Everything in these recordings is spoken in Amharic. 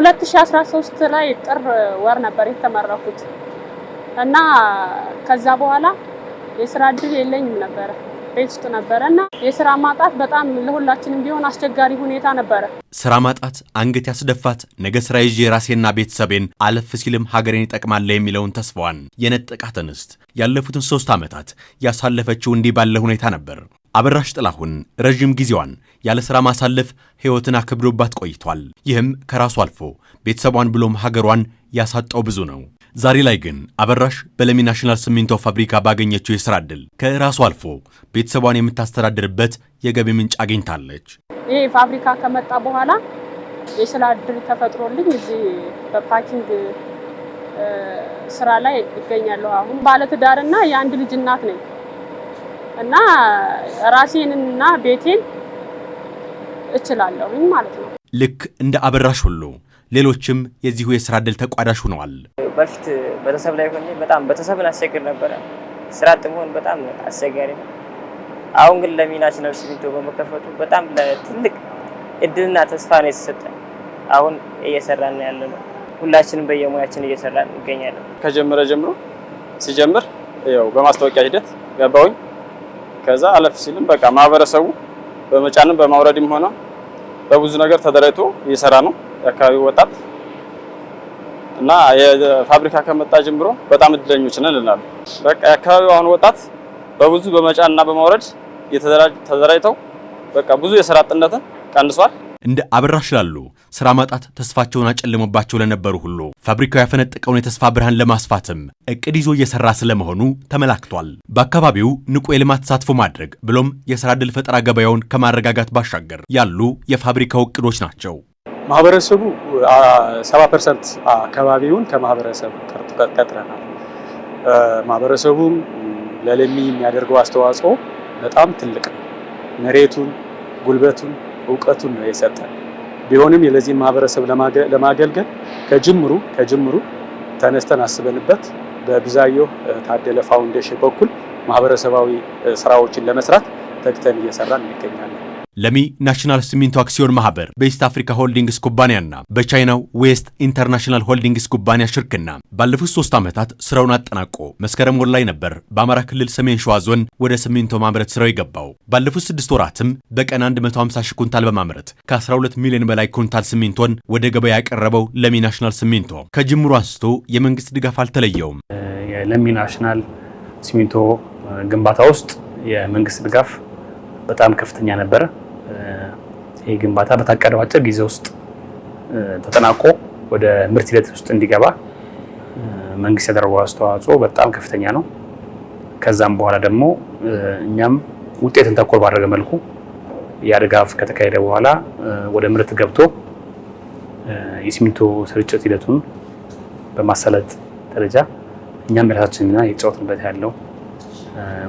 2013 ላይ ጥር ወር ነበር የተመረኩት እና ከዛ በኋላ የስራ እድል የለኝም ነበረ ቤት ውስጥ ነበረ እና የስራ ማጣት በጣም ለሁላችንም ቢሆን አስቸጋሪ ሁኔታ ነበረ። ስራ ማጣት አንገት ያስደፋት ነገ ስራ ይዤ የራሴና ቤተሰቤን አለፍ ሲልም ሀገሬን ይጠቅማል የሚለውን ተስፋዋን የነጠቃት እንስት ያለፉትን ሶስት ዓመታት ያሳለፈችው እንዲህ ባለ ሁኔታ ነበር። አበራሽ ጥላሁን ረዥም ጊዜዋን ያለ ስራ ማሳለፍ ህይወትን አክብዶባት ቆይቷል። ይህም ከራሱ አልፎ ቤተሰቧን ብሎም ሀገሯን ያሳጣው ብዙ ነው። ዛሬ ላይ ግን አበራሽ በለሚ ናሽናል ሲሚንቶ ፋብሪካ ባገኘችው የስራ እድል ከራሱ አልፎ ቤተሰቧን የምታስተዳድርበት የገቢ ምንጭ አግኝታለች። ይህ ፋብሪካ ከመጣ በኋላ የስራ እድል ተፈጥሮልኝ እዚህ በፓኪንግ ስራ ላይ ይገኛለሁ። አሁን ባለትዳርና የአንድ ልጅ እናት ነኝ እና ራሴንና ቤቴን እችላለሁ ማለት ነው። ልክ እንደ አበራሽ ሁሉ ሌሎችም የዚሁ የስራ እድል ተቋዳሽ ሆነዋል። በፊት ቤተሰብ ላይ ሆኜ በጣም ቤተሰብን አስቸግር ነበረ። ስራ አጥ መሆን በጣም አስቸጋሪ ነው። አሁን ግን ለሚናሽናል ሲሚንቶ በመከፈቱ በጣም ለትልቅ እድልና ተስፋ ነው የተሰጠ። አሁን እየሰራን ያለ ነው። ሁላችንም በየሙያችን እየሰራን እንገኛለን። ከጀመረ ጀምሮ ሲጀምር ያው በማስታወቂያ ሂደት ገባውኝ። ከዛ አለፍ ሲልም በቃ ማህበረሰቡ በመጫንም በማውረድም ሆነ በብዙ ነገር ተደራጅቶ እየሰራ ነው የአካባቢው ወጣት እና የፋብሪካ ከመጣ ጀምሮ በጣም እድለኞች ነን እንላለን። በቃ የአካባቢው አሁን ወጣት በብዙ እና በማውረድ ተደራጅተው በቃ ብዙ የስራ አጥነትን ቀንሷል። እንደ አበራሽ ላሉ ስራ ማጣት ተስፋቸውን አጨልሞባቸው ለነበሩ ሁሉ ፋብሪካው ያፈነጠቀውን የተስፋ ብርሃን ለማስፋትም እቅድ ይዞ እየሰራ ስለመሆኑ ተመላክቷል። በአካባቢው ንቁ የልማት ተሳትፎ ማድረግ ብሎም የስራ ዕድል ፈጠራ ገበያውን ከማረጋጋት ባሻገር ያሉ የፋብሪካው እቅዶች ናቸው። ማህበረሰቡ ሰባ ፐርሰንት አካባቢውን ከማህበረሰብ ቀጥረናል። ማህበረሰቡም ለለሚ የሚያደርገው አስተዋጽኦ በጣም ትልቅ ነው። መሬቱን፣ ጉልበቱን እውቀቱን ነው የሰጠን። ቢሆንም የለዚህን ማህበረሰብ ለማገልገል ከጅምሩ ከጅምሩ ተነስተን አስበንበት በብዛዮ ታደለ ፋውንዴሽን በኩል ማህበረሰባዊ ስራዎችን ለመስራት ተግተን እየሰራን እንገኛለን። ለሚ ናሽናል ሲሚንቶ አክሲዮን ማህበር በኢስት አፍሪካ ሆልዲንግስ ኩባንያና በቻይናው ዌስት ኢንተርናሽናል ሆልዲንግስ ኩባንያ ሽርክና ባለፉት ሶስት ዓመታት ስራውን አጠናቆ መስከረም ወር ላይ ነበር በአማራ ክልል ሰሜን ሸዋ ዞን ወደ ሲሚንቶ ማምረት ስራው የገባው። ባለፉት ስድስት ወራትም በቀን 150 ሺህ ኩንታል በማምረት ከ12 ሚሊዮን በላይ ኩንታል ሲሚንቶን ወደ ገበያ ያቀረበው ለሚ ናሽናል ሲሚንቶ ከጅምሩ አንስቶ የመንግስት ድጋፍ አልተለየውም። የለሚ ናሽናል ሲሚንቶ ግንባታ ውስጥ የመንግስት ድጋፍ በጣም ከፍተኛ ነበረ። ይሄ ግንባታ በታቀደው አጭር ጊዜ ውስጥ ተጠናቆ ወደ ምርት ሂደት ውስጥ እንዲገባ መንግስት ያደረገው አስተዋጽኦ በጣም ከፍተኛ ነው። ከዛም በኋላ ደግሞ እኛም ውጤትን ተኮር ባደረገ መልኩ የአድጋፍ ከተካሄደ በኋላ ወደ ምርት ገብቶ የሲሚንቶ ስርጭት ሂደቱን በማሰለጥ ደረጃ እኛም የራሳችን ሚና የተጫወትንበት ያለው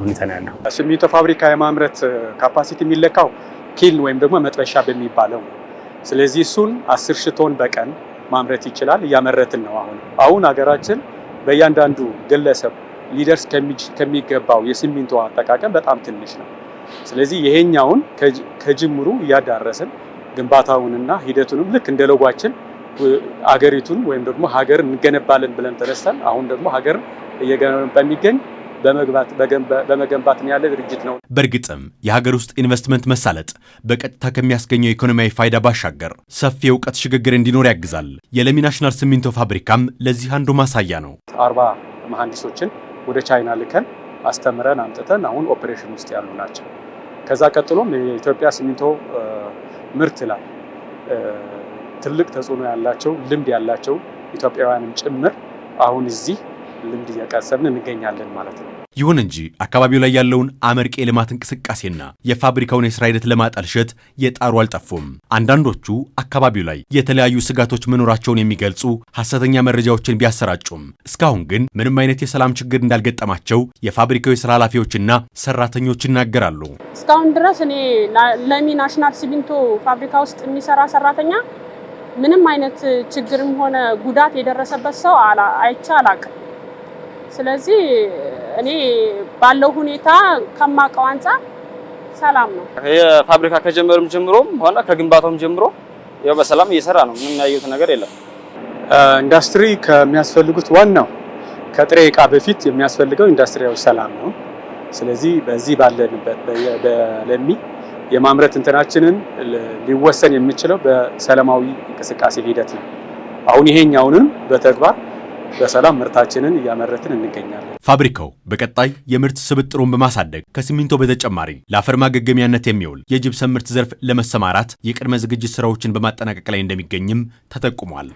ሁኔታ ነው ያለው። ሲሚንቶ ፋብሪካ የማምረት ካፓሲቲ የሚለካው ኪልን ወይም ደግሞ መጥበሻ በሚባለው ነው። ስለዚህ እሱን አስር ሺህ ቶን በቀን ማምረት ይችላል። እያመረትን ነው። አሁን አሁን ሀገራችን በእያንዳንዱ ግለሰብ ሊደርስ ከሚገባው የሲሚንቶ አጠቃቀም በጣም ትንሽ ነው። ስለዚህ ይሄኛውን ከጅምሩ እያዳረስን ግንባታውንና ሂደቱንም ልክ እንደ ሎጓችን አገሪቱን ወይም ደግሞ ሀገር እንገነባለን ብለን ተነስተን አሁን ደግሞ ሀገር እየገነባ በሚገኝ በመገንባት ያለ ድርጅት ነው። በእርግጥም የሀገር ውስጥ ኢንቨስትመንት መሳለጥ በቀጥታ ከሚያስገኘው ኢኮኖሚያዊ ፋይዳ ባሻገር ሰፊ የእውቀት ሽግግር እንዲኖር ያግዛል። የለሚ ናሽናል ሲሚንቶ ፋብሪካም ለዚህ አንዱ ማሳያ ነው። አርባ መሐንዲሶችን ወደ ቻይና ልከን አስተምረን አምጥተን አሁን ኦፕሬሽን ውስጥ ያሉ ናቸው። ከዛ ቀጥሎም የኢትዮጵያ ሲሚንቶ ምርት ላይ ትልቅ ተጽዕኖ ያላቸው ልምድ ያላቸው ኢትዮጵያውያንም ጭምር አሁን እዚህ ልምድ እያቀሰብን እንገኛለን ማለት ነው። ይሁን እንጂ አካባቢው ላይ ያለውን አመርቂ የልማት እንቅስቃሴና የፋብሪካውን የስራ ሂደት ለማጠልሸት የጣሩ አልጠፉም። አንዳንዶቹ አካባቢው ላይ የተለያዩ ስጋቶች መኖራቸውን የሚገልጹ ሐሰተኛ መረጃዎችን ቢያሰራጩም እስካሁን ግን ምንም አይነት የሰላም ችግር እንዳልገጠማቸው የፋብሪካው የስራ ኃላፊዎችና ሰራተኞች ይናገራሉ። እስካሁን ድረስ እኔ ለሚ ናሽናል ሲሚንቶ ፋብሪካ ውስጥ የሚሰራ ሰራተኛ ምንም አይነት ችግርም ሆነ ጉዳት የደረሰበት ሰው አይቼ አላቅም። ስለዚህ እኔ ባለው ሁኔታ ከማውቀው አንጻር ሰላም ነው። የፋብሪካ ከጀመርም ጀምሮም ሆነ ከግንባታውም ጀምሮ ያው በሰላም እየሰራ ነው። ምንም ያየሁት ነገር የለም። ኢንዱስትሪ ከሚያስፈልጉት ዋናው ከጥሬ እቃ በፊት የሚያስፈልገው ኢንዱስትሪያዊ ሰላም ነው። ስለዚህ በዚህ ባለንበት በለሚ የማምረት እንትናችንን ሊወሰን የሚችለው በሰላማዊ እንቅስቃሴ ሂደት ነው። አሁን ይሄኛውንም በተግባር በሰላም ምርታችንን እያመረትን እንገኛለን። ፋብሪካው በቀጣይ የምርት ስብጥሩን በማሳደግ ከሲሚንቶ በተጨማሪ ለአፈር ማገገሚያነት የሚውል የጅብሰን ምርት ዘርፍ ለመሰማራት የቅድመ ዝግጅት ስራዎችን በማጠናቀቅ ላይ እንደሚገኝም ተጠቁሟል።